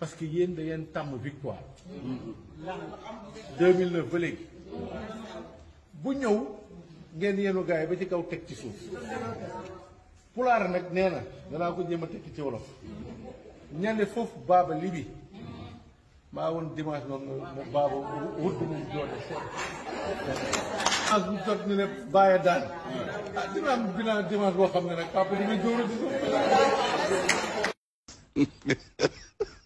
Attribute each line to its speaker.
Speaker 1: parce que yéen da ngeen tàmm victoire 2009 ba léegi bu ñëw ngeen yenu gaay ba ci kaw teg ci suuf pulaar nag nee danaa ko jéem a tekki ci wolof ñande foofu baaba li maa woon dimanche noonu mu doole ak bu jot ñu ne bàyyi daan ah dina am
Speaker 2: binaa dimanche boo xam
Speaker 3: ne